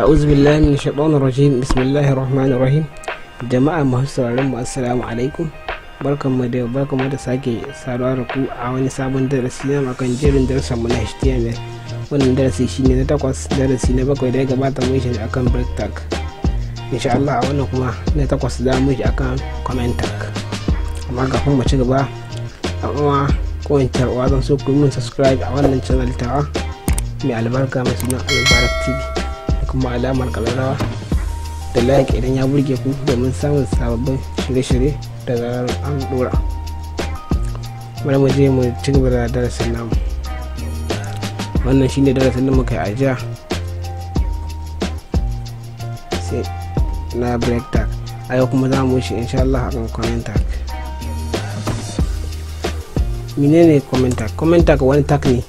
a'udhu billahi min shaitanir rajim bismillahir rahmanir rahim jama'a masu sauraron mu assalamu alaikum barkanmu da da sake saduwa ku a wani sabon darasi na akan jerin darasin mu na HTML wannan darasi shine na takwas darasi bakwai da ya gabata mun shi akan break tag insha Allah a wannan kuma na takwas da mu shi akan comment tag amma kafin mu ci gaba a kuma kowace uwa zan so ku min subscribe a wannan channel tawa mai albarka mai suna albarak tv kuma alamar kararrawa da like idan ya burge ku domin samun sababbin shirye-shirye da zarar an dora bari mu je mu ci gaba da darasin namu wannan shine darasin da muka yi a jiya sai na break tag a yau kuma za mu shi insha Allah akan comment tag menene comment tag comment tag wani tag ne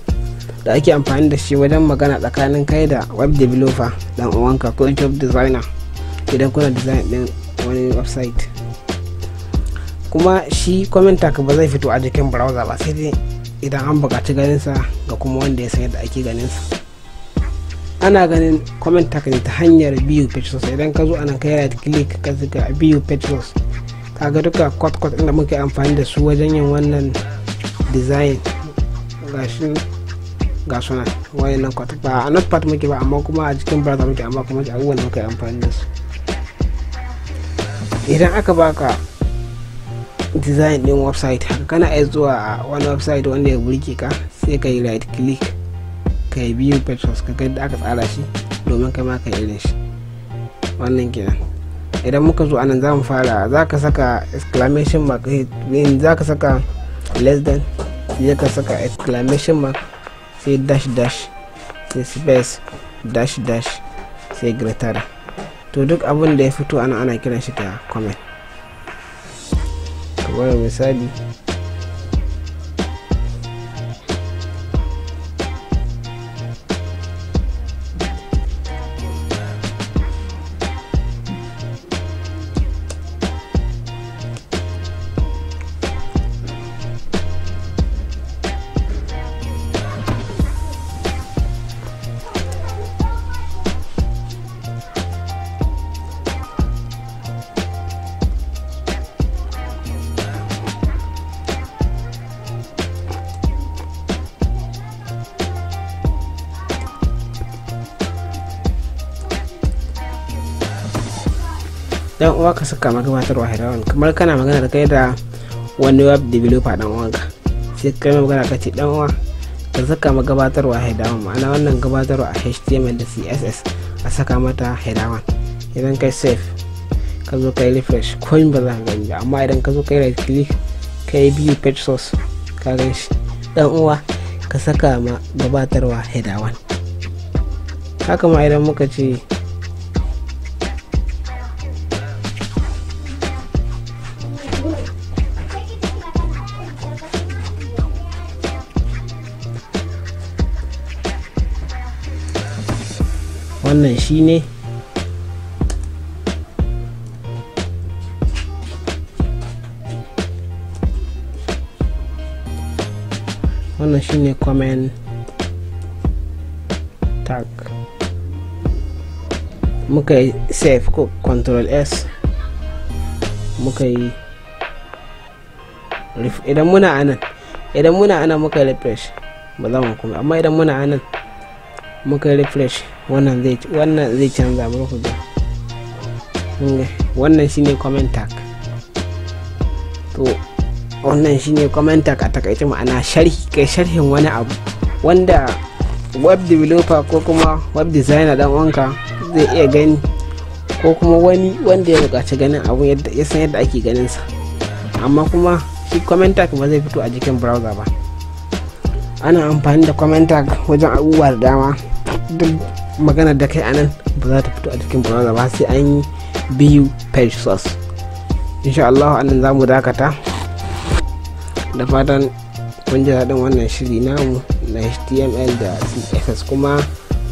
da ake amfani da shi wajen magana tsakanin kai da web developer dan uwanka ko job designer idan kuna design din wani website kuma shi comment tag ba zai fito a jikin browser ba sai dai idan an buƙaci sa ga kuma wanda ya sayar da ake sa. ana ganin comment tag ne ta hanyar view page idan ka zo anan kai right click ka zuga view page ka kaga duka kwat-kwat inda muka amfani da su wajen yin wannan design gashin ga sunan nan kwatak ba a not part muke ba amma kuma a cikin browser muke amma kuma abubuwan da muka yi amfani da su idan aka baka design din website kana iya zuwa a wani website wanda ya burke ka sai ka yi right click ka yi biyu pictures ka ga da aka tsara shi domin kai ma ka yi irin shi wannan kenan idan muka zo anan za mu fara za ka saka exclamation mark eh, za ka saka less than sai ka saka exclamation mark sai dash dash sai space dash dash sai greater to duk abin da ya fito ana ana kiran shi da comment kamar misali dan uwa ka saka ma gabatarwa heroin kamar kana magana da kai da wani web developer dan ka sai kai mai magana ka ce dan uwa ka saka ma wa hidawan ma'ana wannan gabatarwa a html da css a saka mata hidawan idan kai save ka zo kai refresh koyin ba za ka gani ba amma idan ka zo kai right click kai biyu page source ka gan shi dan uwa ka saka ma gabatarwa hidawan haka ma idan muka ce wannan shine wannan shine comment tag muka yi save ko control s muka yi idan muna anan idan muna anan muka refresh ba za mu kuma amma idan muna anan muka refresh wannan zai wannan zai canza mu ku wannan shine comment tag to wannan shine comment tag a takaice ma'ana sharhi kai sharhin wani abu wanda web developer ko kuma web designer dan wanka zai iya gani ko kuma wani wanda ya buƙaci ganin abu ya san yadda ake ganin sa amma kuma shi comment tag ba zai fito a jikin browser ba ana amfani da comment tag wajen abubuwa da dama duk magana da kai anan ba za ta fito a cikin browser ba sai an yi biyu page source insha Allah anan za mu dakata da fatan kun ji daɗin wannan shiri namu na html da css kuma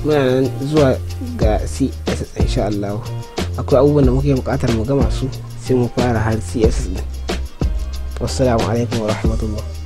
muna nan zuwa ga css insha Allah akwai abubuwan da muke buƙatar mu gama su sai mu fara har css din wassalamu alaikum wa rahmatullah